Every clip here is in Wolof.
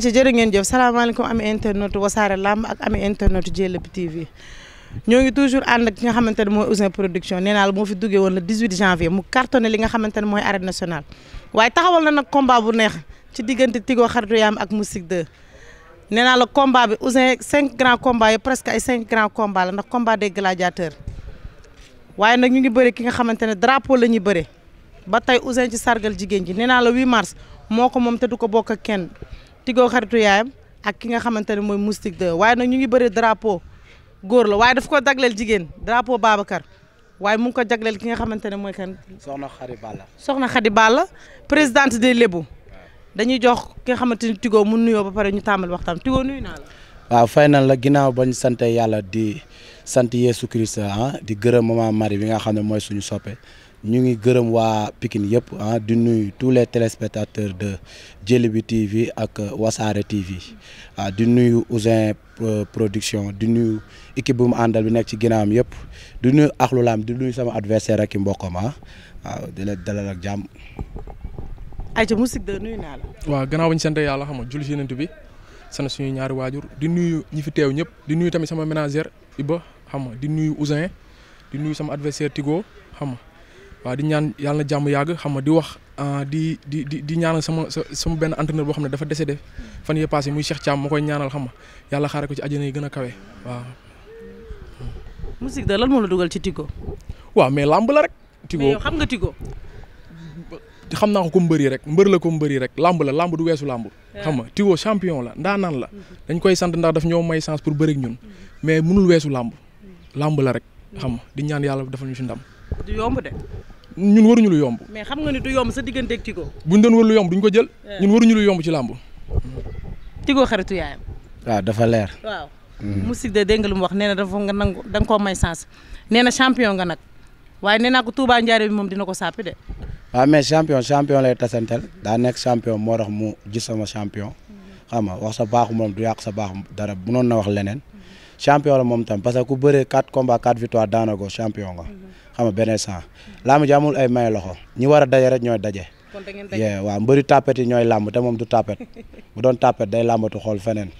ayca jërë ngeen jëf salaamaaleykum ami internet wasaare lamb ak ami internet Jelle bi TV ñoo ngi toujours ànd ki nga xamante ne mooy Ouzin production nee naa la moo fi duggee woon le 18 janvier mu ne mooy arène nationale waaye taxawal na nag komba bu neex ci diggante Tigo xaritu yaam ak Moustique 2 nee naa la combat bi Ouzin cinq grands combats yi presque ay cinq grands combats la ndax combat des gladiateurs waaye nag ñu ngi bëri ki nga xamante ne drapeau la ñuy bëri ba tey Ouzin ci sargal jigéen ji nee naa la 8 mars moo ko moom te du ko bokk ak kenn Tigo xaritu yaayam ak ki nga xamante ne mooy Moustique 2 waaye nag ñu ngi bëri drapeau góor la waaye daf ko jagleel jigéen drapeau Babacar waaye mu ko jagleel ki nga xamante ne mooy kan. Soxna Khady Balla. Soxna Khady Balla présidente des Lébou dañuy jox ki nga xamante ni Tigo mun nuyoo ba pare ñu tàmbali waxtaan Tigo nuyu naa la. waaw fay na la ginnaaw ba bañ sante yàlla di sant Yeesu Christ ah di gërëm maman Marie bi nga xam ne mooy suñu soppe ñu ngi gërëm waa pikin yëpp ah di nuyu tous les téléspectateurs de Djily bi TV ak euh, Wassare TV ah di nuyu Ouzin euh, production di nuyu équipe bu mu àndal bi nekk ci am yëpp di nuyu Akhlu di nuyu sama adversaire ak i mbokkam ah waaw di la dalal ak jàmm. ayca musique de nuyu naa la. waaw gannaaw bañ sant yàlla xam nga julli si nant bi sant suñu ñaari waajur di nuyu ñi fi teew ñëpp di nuyu tamit sama ménagère Iba xam nga di nuyu ousin di nuyu sama adversaire Tigo xam waaw di ñaan yàlla na jàmm yàgg xam nga di wax ah, di di di di ñaanal sama sama benn entraîneur boo xam ne dafa dese de fan yee muy Cheikh caam ma koy ñaanal xam nga yàlla xaare ko ci àjjana yi gën a kawe waaw. musique da lan moo la dugal ci Tigo. waaw mais làmb la rek. Tigo mais yow xam nga xam naa ko comme mbër rek mbër la comme mbër yi rek làmb làmb du weesu làmb. xam nga Tigo champion la ndaanaan la. dañ koy sant ndax daf ñoo may chance pour bëreeg ñun. mais mënul weesu làmb. làmb la rek. xam nga di ñaan yàlla defal ñu ci ndam. du yomb de. ñun waruñu lu yomb. mais xam nga ni du yomb sa digganteeg Tigo. buñ doon war lu yomb duñ ko jël. Eh. ñun waruñu lu yomb ci làmb. Tigo xaritu yaayam. waa ah, dafa leer. waaw. Moustique hmm. de dégg lu mu wax nee na dafa nga nangu da nga may sens nee na nga nag waaye nee naa ko Touba Ndiaye moom dina ko sàppi de. waaw ah, mais champion la lay tasantel daa nekk champion moo tax mu gis sama champion. xam nga wax sa baaxu moom du yàq sa baax dara bu noon na wax leneen. Hmm. champion la moom tam parce que ku bëree 4 combats 4 victoires daanaka champion nga. Hmm. xam nga beneen sens làmb ji amul ay may loxo ñi war a daje rek ñooy daje. da ngeen daje waaw mbëri tapet ñooy làmb te moom du tapet bu doon tapet day làmbatu xool feneen.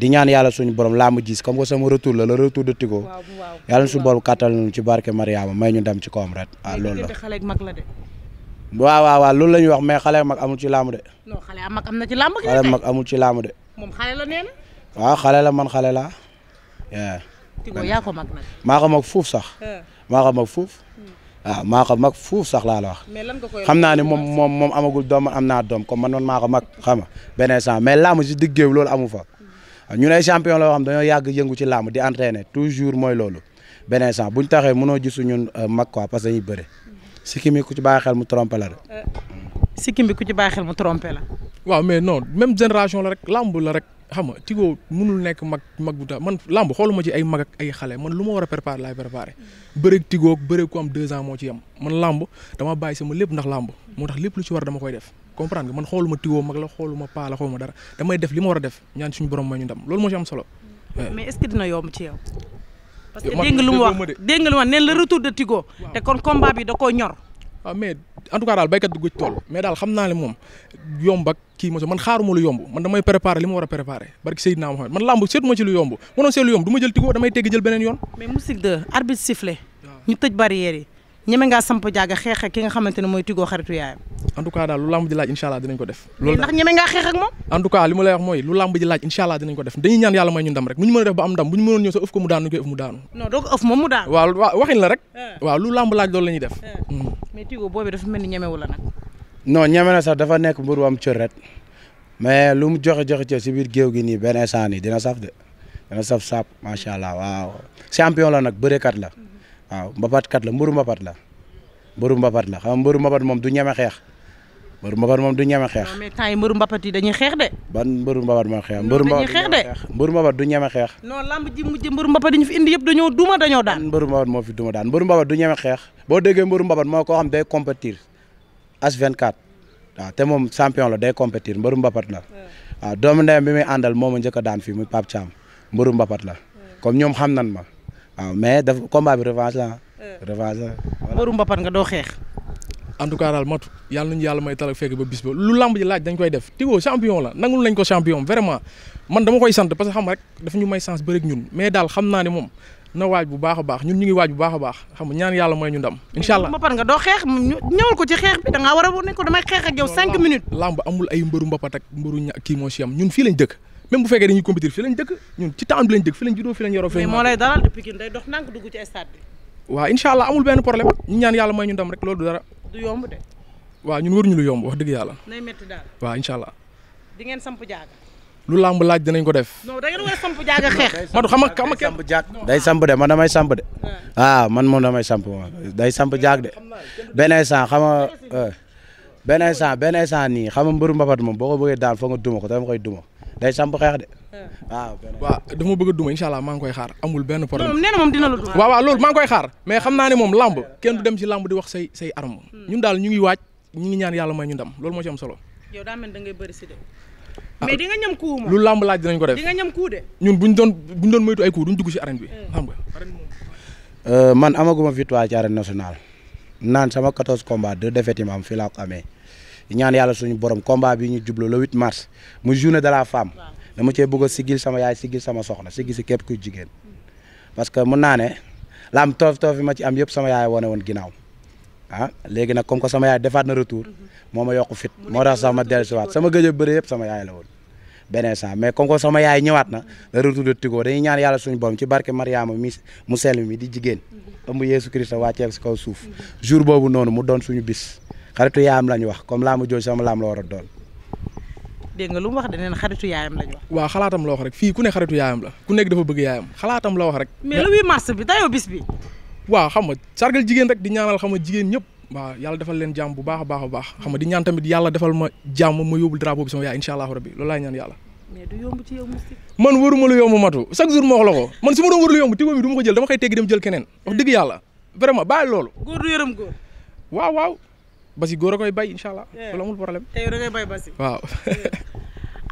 di ñaan yàlla suñu borom làmb gis comme que sama retour la la retour de Tigo. waaw waaw yàlla suñu borom kàttal ñu ci barke Mariama may ñu dam ci kawam rek. a ah, lool la xale mag la loolu la wax mais xale mag amul ci làmb de. non xale am na ci làmb. xale amul ci làmb de. moom la nee na. waaw xale la man xale maa ko fuuf sax. Ah. maa ko mag fuuf waaw maa ko mag fuuf sax laa la wax. xam naa ne moom moom moom amagul doom am naa doom comme man man maa ko mag xam bene beneen sens mais làmb si diggéew loolu amu fa. Mm. ñu ne champion la yoo xam dañoo yàgg yëngu ci làmb di entraîner toujours mooy loolu beneen sens bu ñu taxee mënoo gisu ñun euh, mag quoi parce que dañuy bëre. Mm. sikkim ku ci bàyyi xel mu trompé la rek. Euh, sikkim bi ku ci bàyyi xel mu trompé waaw mais non même génération la rek làmb la rek xam nga Tigo mënul nekk mag mag bu tax man làmb xooluma ci ay mag ak ay xale man lu ma war a préparer laay préparer bëreeg Tigo bëreeg ko am deux moo ci yem man làmb dama bàyyi ma lépp ndax làmb moo tax lépp lu ci war dama koy def comprendre nga man xooluma Tigo mag la xooluma paa la xooluma dara damay def li ma war a def ñaan suñu borom may ñu ndam loolu moo ci am solo. mais est-ce que dina yomb ci waaw ah, mais en tout cas daal béykat dugg ci tool mais daal xam naa ne moom yomb ak kii moso man xaaruma lu yomb man damay préparé li ma war a préparé barki Seydina Mohamed man làmb seetuma ci lu yomb mënoon seet lu yomb du ma jël tigo damay tegg jël beneen yoon mais musique de arbitre sifflé ñu tëj barrière yi ñeme ngaa samp jaaga xeex ak ki nga xamante ne mooy Tigo xaritu yaayam en tout cas daal lu làmb ji laaj incha allah dinañ ko def loolu ndax ñeme ngaa xeex ak moom en tout cas li ma lay wax mooy lu a def ba am ndam moom mu daanu waaw waxin la rek ah. waaw lu làmb laaj loolu la def ah. mais Tigo boobu dafa mel ni ñemewu la nag non ñeme na sax dafa nekk mbir wam cër rek mais lu mu joxe-joxe ci si biir géew gi nii benn instant nii dina saf de dina saf sap macha allah waaw champion la nag bërekat la waaw mbapat kat la mbëru mbapat la mbëru mbapat la xam mbëru mbapat moom du ñeme xeex mbëru mbapat moom du ñeme xeex. mais temps yi mbëru mbapat yi dañuy xeex de. ban mbëru mbapat mooy xeex. mbëru mbapat dañuy xeex de mbëru du ñeme xeex. non lamb ji mujj mbëru mbapat ñu fi indi yëpp dañoo duma dañoo daan. mbëru mbapat moo fi duma daan mbëru mbapat du ñeme xeex boo déggee mbëru mbapat moo koo xam day compétir H24 waaw te moom champion la day compétir mbëru mbapat la waaw doomu ndeyam bi muy àndal moo ma njëkk a daan fii muy Pape Thiam mbëru mbapat la comme ñoom xam nan ma waaw mais daf combat bi revanche la euh. revanche la. waru mbapat nga doo xeex. en tout cas daal matu yàlla nañu yàlla may talag fekk ba bis ba lu lamb ji laaj dañ koy def Tigo champion la nangul nañ ko champion vraiment man dama koy sant parce que xam rek dafa ñu may chance bëri ñun mais daal xam naa ne moom na waaj bu baax a baax ñun ñu ngi waaj bu baax a baax xam nga ñaan yàlla mooy ñu ndam incha allah mbapat nga doo xeex ñëwal ko ci xeex bi da war a ne ko damay xeex ak yow ay mbëru mbapat ak mbëru moo si am fii lañ dëkk même bu fekkee dañuy compétir fii lañ dëkk ñun ci temps bi lañ dëkk fii lañ juddoo fii lañ yoroo. allah amul benn problème ñu ñaan yàlla may ñu ndam rek loolu du dara. du yomb de. ñun ñu lu yomb wax dëgg yàlla. nay métti daal waaw allah. di ngeen samp jaaga. lu làmb laaj dinañ ko def. non da ngeen war a samp jaaga xeex. Madou xam nga xam nga kenn day samp de man damay samp de. waaw ah. ah, man moom damay samp moom day samp jaag de benn instant xam nga eh. benn instant benn instant nii xam nga mbëru mbapat moom boo ko bëggee daal foog nga duma ko dama koy duma day samp xeex de. Hmm. waaw waaw ma bëgg a duma incha allah maa ngi koy xaar amul benn problème. moom nee na moom dina la duma. waaw waaw ne moom làmb hmm. kenn du dem ci wax say say arme. Hmm. ñun ñu ngi waaj ñu ñaan yàlla may ñu ndam loolu moo ci am solo. yow daa mel da ngay bëri si de. Ah. mais di nga ñam kuu moom lu ko def ñun buñ doon doon moytu ay kuu duñ dugg ci arène euh, man amaguma victoire ci arène nationale naan sama 14 combats de défaites yi am fii laa ko amee ñaan yàlla suñu borom combat bi ñu jublu le 8 mars mu journée de la femme dama cee bëgg a sigil sama yaay sigil sama soxna sigil si képp kuy jigéen parce que mun naa ne la am toof yi ma ci am yëpp sama yaay wane woon ginnaaw ah léegi nag comme que sama yaay defaat na retour mhm. moo ma yokk fit moo tax sax ma dellusiwaat sama gëj a bëre yëpp sama yaay la woon beneen sens mais comme que sama yaay ñëwaat na le retour de Tigo dañuy ñaan yàlla suñ borom ci barke Mariama mi mu sell mi di jigéen mhm. ëmb Yeesu Christ wàcceeku si kaw suuf mhm. jour boobu noonu mu doon suñu bis xaritu yaayam lañ wax comme laamu jooju sama laam a doon. dégg nga lu mu wax de neen xaritu yaayam lañ wax. waaw xalaatam la wax rek fii ku ne xaritu yaayam la ku nekk la wax rek. mais le 8 mars bi dayoo bis bi. waaw di ñaanal xam nga jigéen ñëpp. waaw yàlla defal leen jàmm bu baax a baax a baax xam nga di ñaan tamit yàlla defal ma jàmm ma yóbbul drapeau bi sama yaay incha allahu rabbi loolu laay ñaan yàlla. mais du yomb ci man waruma lu yomb ko man su ma doon war lu yomb tigo bi du ma waaw waaw basi góor a koy bay incha allah. loolu amul problème. tey da ngay bay basi. waaw.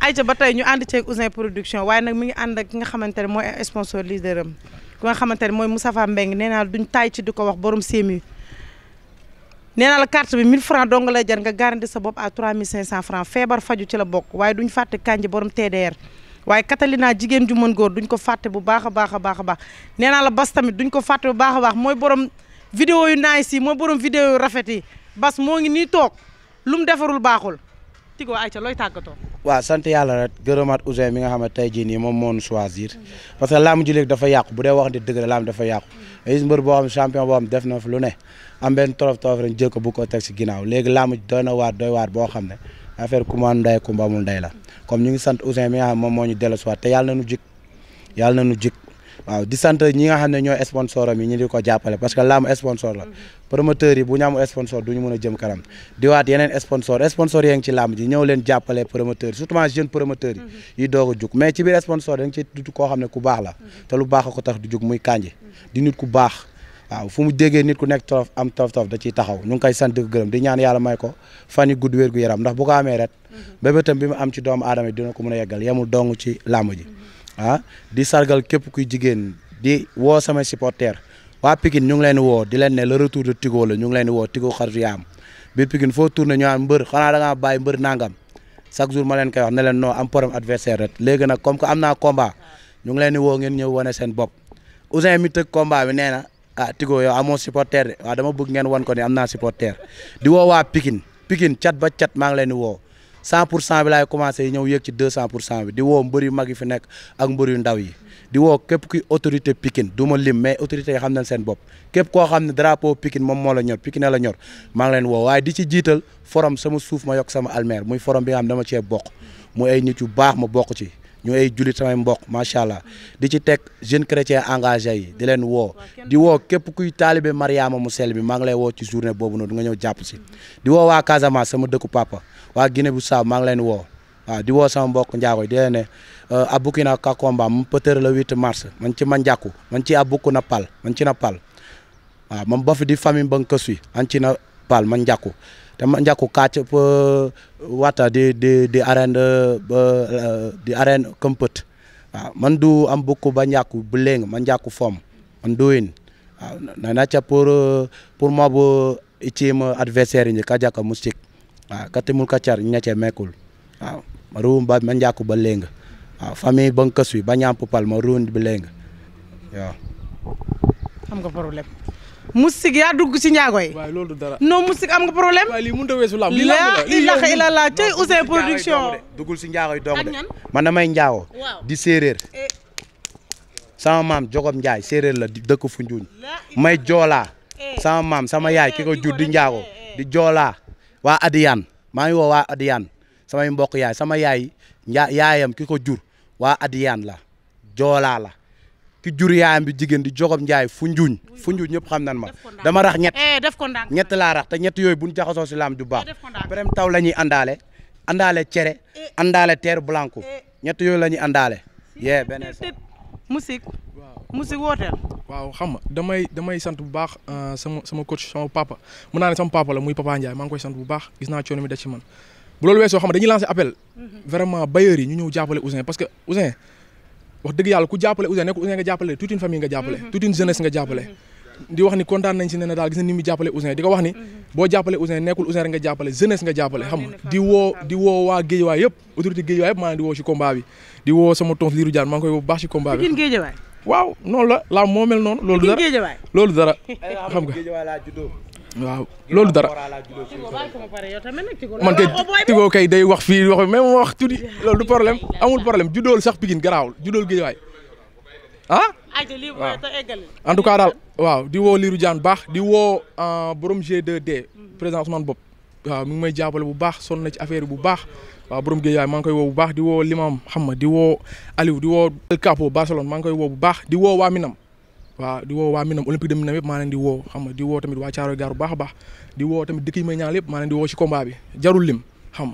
ayca ba tey ñu ànd ceeg Ouzin production waaye nag mi ngi ànd ki nga xamante ne mooy sponsor leader am ki nga xamante ne mooy Moustapha Mbengue nee naa duñ taay ci di ko wax borom sémi. nee naa la carte bi 1000 francs dong lay jar nga garanti sa bopp à 3500 francs feebar faju ci la bokk waaye duñ fàtte kànji borom TDR. waaye Catalina jigéen ju mën góor duñ ko fàtte bu baax a baax a baax a nee la bas tamit duñ ko fàtte bu baax baax mooy borom vidéo yu nice yi borom vidéo yu rafet bas moo ngi nii toog lu mu defarul baaxul Tigo Aïcha looy tàggatoo. waa sant yàlla rek gërëmaat Ouzin mi nga xam ne tey jii nii moom moo ñu choisir parce que laamu ji léegi dafa yàqu bu dee wax dëgg la dafa yàqu. gis mbër boo xam champion boo xam def na fi lu ne am benn torof torof rek jël ko bu ko si ginnaaw léegi laamu ji doy na waar doy waar boo xam ne affaire kumba nday kumba amul nday la comme ñu ngi sant Ouzin mi nga xam moom moo ñu dellusiwaat te yàlla na nu jik yàlla na nu jik waaw di sant ñi nga xam ne ñoo sponsor am yi ñu di ko jàppale parce que làmb sponsor la promoteur yi bu ñu am sponsor du ñu mën a jëm kanam di waat yeneen sponsor sponsor yaa ngi ci làmb ji ñëw leen jàppale promoteur yi mhm. yi doog a jug koo xam ne ku baax la mhm. te lu baax a ko tax du jug muy kànji di nit ku baax waaw fu mu déggee nit ku nekk torof am torof torof da ciy taxaw ñu ngi koy sant di gërëm di ñaan yàlla may ko fan yu gudd wér gu yaram ndax bu ko amee ret mhm. bébétam bi mu am ci doomu aadama yi ko mën a yeggal yemul dong ci làmb ji ah di sargal képp kuy jigéen di woo sama supporter waa Pikine ñu ngi leen woo di leen ne le retour de Tigo la ñu ngi leen woo Tigo xaritu yaam biir Pikine foo tourné ñu am mbër xanaa da ngaa bàyyi mbër nangam chaque jour ma leen koy wax ne leen noo am problème adversaire rek léegi nag comme que am naa combat ñu ngi leen di woo ngeen ñëw wane seen bopp Ousin mi tëgg combat bi nee na ah Tigo yow amoo supporter de waaw dama bëgg ngeen wan ko ni am naa supporter di wo waa Pikine Pikine cat ba cat maa ngi leen di woo cent pour cent bi laay commencé ñëw yéeg ci deux cent pour cent bi di woo mbër yu mag yi fi nekk ak mbër yu ndaw yi di woo képp ki autorité pikin du lim mais autorité yi xam nañ seen bopp képp koo xam ne drapeau Pikine moom moo la ñor a la ñor maa ngi leen woo waaye di ci jiital forom sama suuf ma yokk sama almeer muy forum bi nga xam dama cee bokk muy ay nit yu baax ma bokk ci ñu ay jullit samay mbokk macha allah di ci teg jeune chrétien engagé yi di leen woo di woo képp kuy taalibe Mariama mu sell bi maa ngi lay woo ci journée boobu noonu nga ñëw jàpp si di woo waa Casamance sama dëkku papa waa Guinée Bissau maa ngi leen woo waaw di woo sama mbokk njaago di leen ne a euh, Burkina Kakomba mu peut-être le 8 mars man ci man njàkku man ci abukku na pal man ci na pal waaw man bofi di famille ba nga kës an ci na pal man man jaku kacep euh, wata di di di arène euh, euh, man du am bukku ba njaku beleng man njaku fom man duin waaw nanacha pour pour moi bu ichim adversaire ni kajaka musik waaw katimul kacar nyache mekul waaw maruun man njaku beleng waaw famille bankasui ba ñampupal maruun beleng waaw xam nga Moustique yaa dugg si njaago yi. loolu du dara. non Moustique am nga problème. waaw lii mënut a weesu lam. laa ilaha illallah cey Ouzin production. duggul ci njaago yi dong de. man damay di séeréer. Eh. sama maam Jogob Njaay séeréer la dëkk Foundiougne may joolaa eh. sama maam sama eh, yaay ki jur di njaago di joola waa Adiyaan maa ngi woo waa Adiyaan samay mbokk yaay sama yaay yaayam kiko jur waa Adiyaan la joolaa la. ki jur yaayam bi jigéen di jogob njaay fu njuuñ fu njuuñ ñëpp xam nan ma dama rax ñett eh, ñett laa rax te ñett yooyu buñ jaxasoo si laam ju baax prem eh, taw la ñuy àndaale àndaale cere eh. àndaale terre blanco ñett yooyu la ñuy àndaale yee beneen musique musique wooteel waaw xam nga damay damay sant bu baax euh, sama sama coach sama papa mun naa ne sama papa la muy papa Ndiaye maa ngi koy sant bu baax gis naa coono mi da ci man bu loolu weesoo xam nga dañuy lancer appel mhm. vraiment bailleurs yi ñu ñëw jàppale parce que wax dëgg yàlla ku jàppale Ouzin nekk Ouzin nga jàppale toute une famille nga jàppale mhm. toute une jeunesse nga jàppale mhm. di wax ni kontaan nañ si ne daal gis na mu jàppale Ouzin di ko wax ni mhm. boo jàppale Ouzin nekkul Ouzin rek nga jàppale jeunesse nga jàppale ah, xam nga di woo di woo waa Géejawaay yëpp autorité Géejawaay yëpp maa ngi di woo si combat di woo sama tonf Lirou Diane maa koy baax si combat waaw noonu la la noonu loolu dara xam nga waaw loolu dara man te Tigo kay day wax fii wax même wax tuddi loolu du problème amul problème judool sax Pikine garaawul judool Guédiawaye ah. waaw en tout cas daal waaw di woo liiru jaan baax di woo euh, borom G2D président Ousmane Bopp waaw mi may jàppale bu baax sonn na ci affaire bu baax waaw borom Guédiawaye maa ngi koy woo bu baax di woo Limam xam ma di woo Aliou di woo El Capo Barcelone maa ngi koy woo bu baax di woo waa waaw di woo waa Minam olympique de Minam yëpp maa leen di woo xam nga di woo tamit waa Thiaroye Gare bu baax a baax di woo tamit dëkk yi may ñaanal yëpp maa leen di woo ci combat bi jarul ñoom xam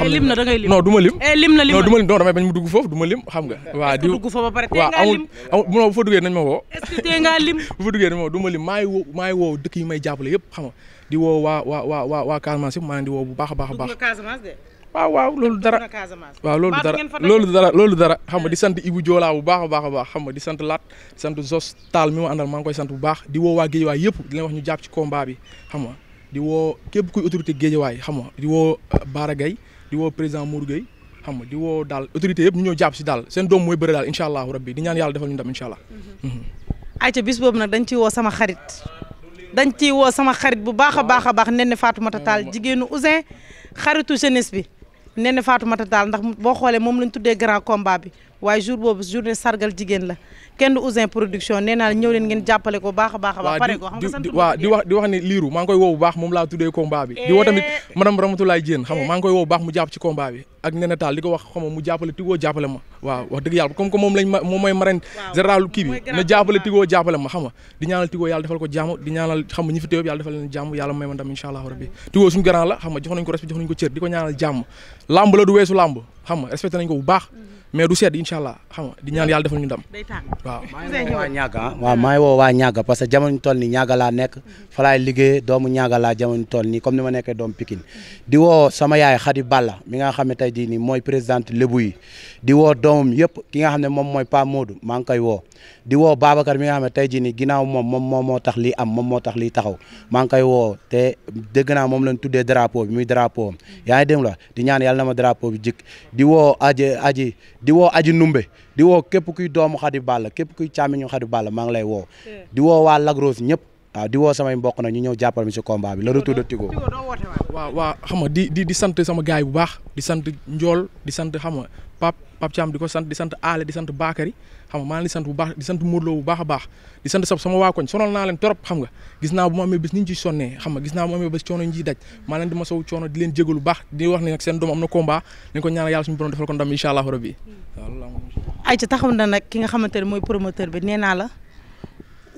eh, lim na da ngay lim du ma lim eh, lim na lim non du ma lim non damay bañ mu dugg foofu xam nga waaw di dugg foofu ba pare waaw amul amul ma woo est-ce que tee du ma lim maa maa ngi woo dëkk yi may jàppale yëpp xam nga di woo waa waa waa waa waa Casamance yëpp maa leen di woo bu baax a baax a baax waaw waaw loolu dara waaw loolu dara loolu dara loolu dara xam nga di eh. sant Ibou Joolaa bu baax a baax a baax xam nga di sant Laat sant Zos Taal mi ma àndal maa ngi koy sant bu baax di woo waa Géejawaay yëpp di leen wax ñu jàpp ci combat bi xam nga di woo képp kuy autorité Géejawaay xam nga di woo euh, baara Gaye di woo président Mour Gueye xam nga di woo daal autorité yëpp ñu ñëw jàpp si daal seen doom mooy bëre daal incha allahu rabbi di ñaan yàlla defal ñu ndam incha allah. Mhm. Mhm. ayca dañ ciy woo sama xarit dañ ciy woo sama xarit bu baax a baax a baax nen Fatoumata Tall jigéenu Ousin xaritu jeunesse bi Néné Fatoumata Tall ndax boo xoolee moom lañ tuddee grand combat bi waaye jour boobu journée sargal jigéen la kenn du Ouzin production nee naa ñëw leen ngeen jàppale ko baax a baax. waaw pare ko xam di wax di liiru maa ngi koy woo bu baax moom laa tuddee combat bi. di woo tamit eh. eh. ma waaw ma moom mooy jàppale ma xam di ñaanal Tigo yàlla defal ko jàmm di ñaanal may man tam insha allahu rabbi Tigo suñu grand la xam nga jox nañ ko respect jox ko la du weesu làmb xam nga respecté bu baax mm-hmm. mais du sedd insha allah xam nga di ñaan yàlla defal ñu ndam waaw maa ngi ah. woo waa ñàgga waaw maa ngi woo waa ñàgga parce que jamono toll ni ñàgga nekk fa laay liggéey doomu ñàgga laa jamono toll nii comme ni ma nekkee doomu Pikine di woo sama yaay Khady Balla mi nga xam ne tey jii nii mooy présidente lébu yi di woo doomam yëpp ki nga xam ne moom mooy Pa Modou maa ngi koy woo di woo Babacar mi nga xam ne tey jii nii ginnaaw mom moom moom moo lii am moom moo tax lii taxaw maa ngi koy woo te dégg naa moom lañ tuddee drapeau bi muy drapeau am yaa ngi dégg la di ñaan yàlla na ma drapeau bi jik di woo aji aji di woo di woo képp kuy doomu Xadi Balla képp kuy càmmiñu Xadi Balla maa ngi lay woo di woo waa Lac Rose ñëpp waaw di woo samay mboq na ñu ñëw jàppal mi si combat bi le retour de Tigo waaw waaw xam nga di di di sant sama gaay bu baax di sant Njool di sant xam nga Pape Pape Thiam di ko sant di sant Aale di sant Bakary xam nga maa ngi sant bu baax di sant Modou Lo bu baax a baax di sant sab sama waa koñ sonal naa leen trop xam nga gis naa bu ma amee bés ni ñu ciy sonnee xam nga gis naa na combat nañ ko ñaanal yàlla suñu borom defal ko ndam taxaw na nag ki nga xamante ne mooy promoteur bi nee naa la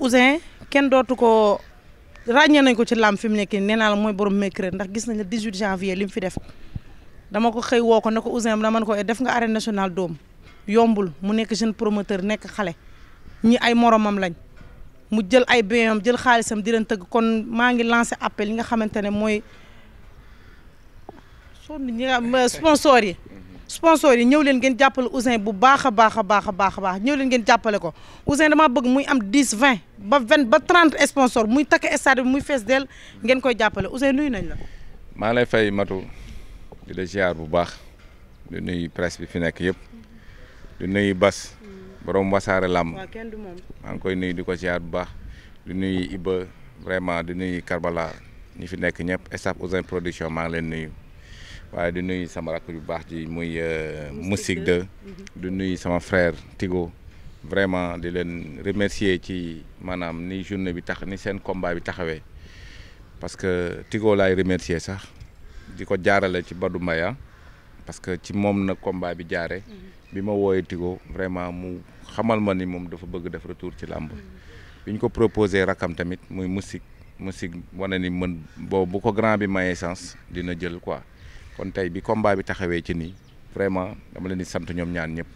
Ouzin kenn dootu ko ràññee nañ ko ci làmb fi mu nekk nee naa mooy borom mercredi ndax gis nañ la 18 janvier li mu fi def dama ko xëy woo ko ne ko Ouzin dama ko eh, def nga arène national doom yombul mu nekk jeune promoteur nekk xale ñi ay moromam lañ mu jël ay béyam jël xaalisam di leen tëgg kon maa ngi lancé appel yi nga xamante ne mooy sponsor yi sponsor yi ñëw leen ngeen jàppale Ouzin bu baax a baax baax a baax a baax ñëw leen ngeen jàppale ko Ouzin dama bëgg muy am dix vingt ba vingt ba trente sponsor muy takk stade bi muy fees dell ngeen koy jàppale Ouzin nuyu nañ la maa lay fay matu di la bu baax di nuyu bi fi nekk yëpp di nuyu Bas. Mm. borom wasaare làmb. maa ngi koy nuyu di ko ziar bu baax di nuyu Iba vraiment di nuyu Karbala ñi fi nekk ñëpp staff Ouzin production maa ngi leen nuyu. waaye di nuyu sama rakk bu baax ji muy euh, Moustique 2 mm-hmm. di nuyu sama frère Tigo vraiment di leen remercier ci maanaam ni journée bi tax ni seen combat bi taxawee parce que Tigo laay remercier sax di ko jaarale ci Badou Maya parce que ci moom na combat bi jaare mm-hmm. bi ma wooyee Tigo vraiment mu xamal ma ni moom dafa bëgg def retour ci làmb bi ñu ko proposé rakkam tamit muy musique musique na ni mën boo bu ko grand bi mayee sens dina jël quoi kon tey bi combat bi taxawee ci nii vraiment dama la di sant ñoom ñaan ñëpp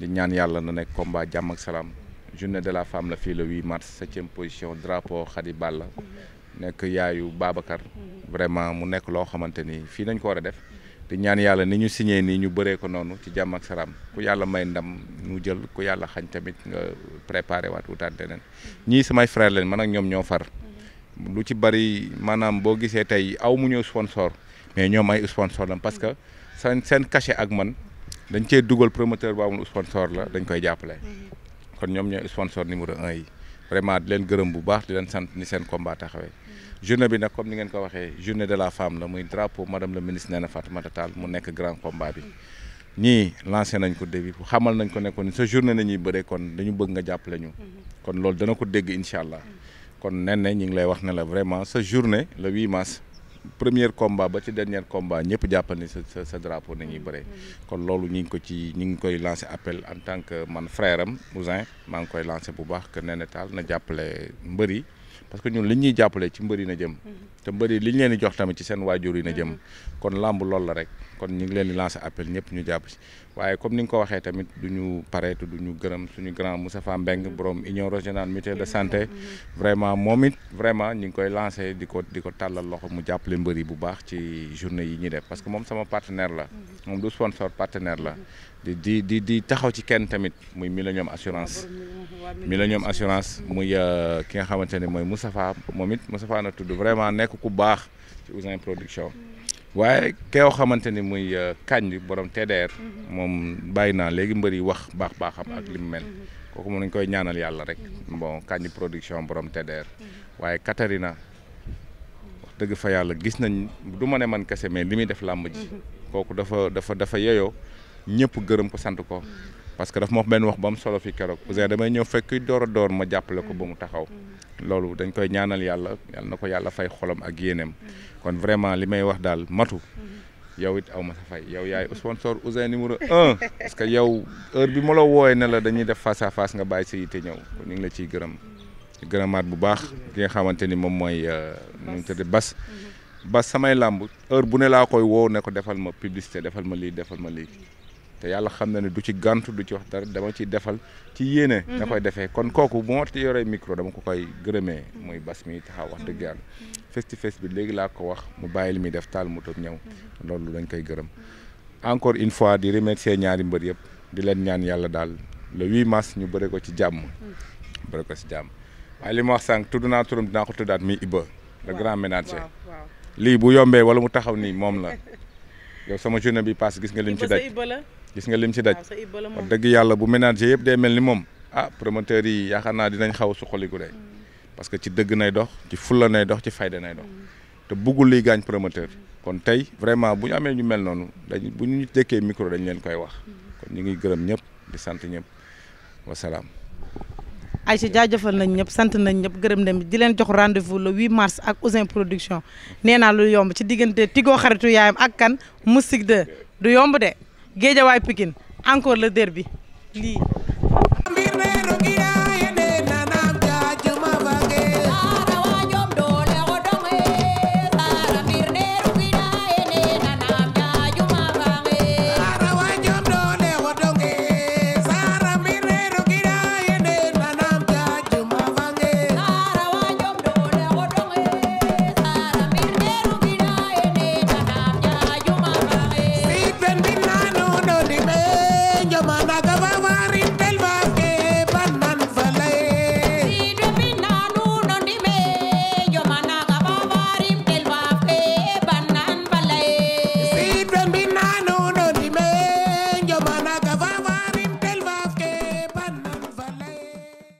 di ñaan yàlla na nekk combat jàmm ak salaam journée de la femme la fii le 8 mars septième position drapeau Khady Balla nekk yaayu Babacar mm-hmm. vraiment mu nekk loo xamante ni fii nañ ko war a def di ñaan yàlla ni ñu signee nii ñu bëree ko noonu ci jàmm ak salaam ku yàlla may ndam mu jël ku yàlla xañ tamit nga préparé waat wutaat leneen ñii samay frère leen man nag ñoom ñoo far lu ci bari maanaam boo gisee tey aw mu ñëw sponsor mais ñoom ay sponsor la parce que seen seen cachet ak man dañ cee dugal promoteur bu amul sponsor la dañ koy jàppale mm-hmm. kon ñoom ñooy sponsor numéro un yi vraiment di leen gërëm bu baax di leen sant ni seen combat taxawee journée bi nag comme ni ngeen ko waxee journée de la femme la muy drapeau madame le ministre Néné Fatoumata Tall mu nekk grand combat bi ñii lancé nañ ko début xamal nañ ko nekkoon sa journée nañuy bëree kon dañu bëgg nga jàppale ñu kon loolu dana ko dégg incha allah kon nen ne ñu ngi lay wax ne la vraiment sa journée le 8 mars premier combat ba ci dernier combat ñëpp jàppal ni sa sa drapeau nañuy bëree mm-hmm. kon loolu ñu ngi ko ci ñu ngi koy lancé appel en tant que man frère am Ousin maa ngi koy lancé bu baax que Néné Tall na jàppale mbër yi parce que ñun li ñuy jàppale ci mbër yi na jëm mhm. te mbër li ñu leen di jox tamit ci seen waajur yi na jëm mhm. kon làmb lool la rek kon ñu ngi leen di lancer appel ñëpp ñu jàpp ci waaye comme ni nga ko waxee tamit du ñu pare du ñu gërëm suñu grand Moustapha Mbeng mhm. borom union régionale mutuelle de santé vraiment moom it vraiment ñu ngi koy lancer di ko di ko tàllal loxo mu jàppale mbër yi bu baax ci journée yi ñuy def parce que moom sama partenaire la moom du sponsor partenaire la di di di di taxaw ci kenn tamit muy Millennium assurance Millennium assurance muy euh, ki nga xamante ne mooy Moustapha moom it Moustapha na tudd vraiment nekk ku baax ci Ouzin production waaye keew xamante ni muy euh, kañ borom TDR moom bàyyi naa léegi mbër yi wax baax baaxam ak li mu mel kooku mën nañ koy ñaanal yàlla rek bon kañ production borom TDR waaye Katarina dëgg fa yàlla gis nañ du ma ne man kese mais li muy def làmb ji kooku dafa dafa dafa yeyoo ñëpp gërëm ko sant ko parce que daf moo benn wax ba am solo fi keroog Ouzin damay ñëw fekk door a ma jàppale ko ba mu taxaw loolu dañ koy ñaanal yàlla na ko yàlla fay xolam ak yéeneem kon vraiment li may wax daal matu yow it aw ma sa fay yow yaay sponsor Ouzin numéro un parce que yow heure bi ma la wooyee la dañuy def face à nga bàyyi sa yite ñëw kon ngi la ciy gërëm gërëmaat bu baax ki nga xamante ni moom mooy euh, nu mu tëddee bas bas samay làmb heure bu ne laa koy woow ne ko defal ma publicité defal ma lii defal ma lii te yàlla xam na ne du ci gàntu du ci wax dara dama ci defal ci yéene. Mhm. na koy defee kon kooku bu ma yore micro dama ko koy gërëmee. muy bas mi taxaw wax dëgg yàlla. Mhm. face bi léegi laa ko wax mu bàyyi li muy def taal moto ñëw mhm. loolu dañ koy gërëm. encore une fois di remercier ñaari mbër yëpp di leen ñaan yàlla daal le 8 mars ñu bëree ko ci jàmm. bëre ko ci jàmm waaye li ma wax sànq tudd naa dinaa ko tuddaat muy Iba. le grand ménager lii bu yombee wala mu taxaw nii moom la sama journée bi passe gis nga lim ci daj. gis nga lim si daj ah, wax dëgg yàlla bu ménager yëpp day mel ni moom ah promoteur yi yaakaar naa dinañ xaw suqaliku de mm. parce que ci dëgg nay dox ci fulla nay dox ci fayda nay dox mm. te buggul liy gaañ promoteur kon tey vraiment bu ñu amee ñu mel noonu dañ bu ñu dékkee micro dañ leen koy wax mm. kon ñu ngi gërëm ñëpp di sant ñëpp wasalaam Aïcha jaajëfal nañ ñëpp sant nañ ñëpp gërëm nañ di leen jox rendez-vous le 8 mars ak Ouzin Production nee naa lu yomb ci diggante Tigo xaritu yaayam ak kan Moustique 2 du yomb de Guédiawaye Pikine encore le derby lii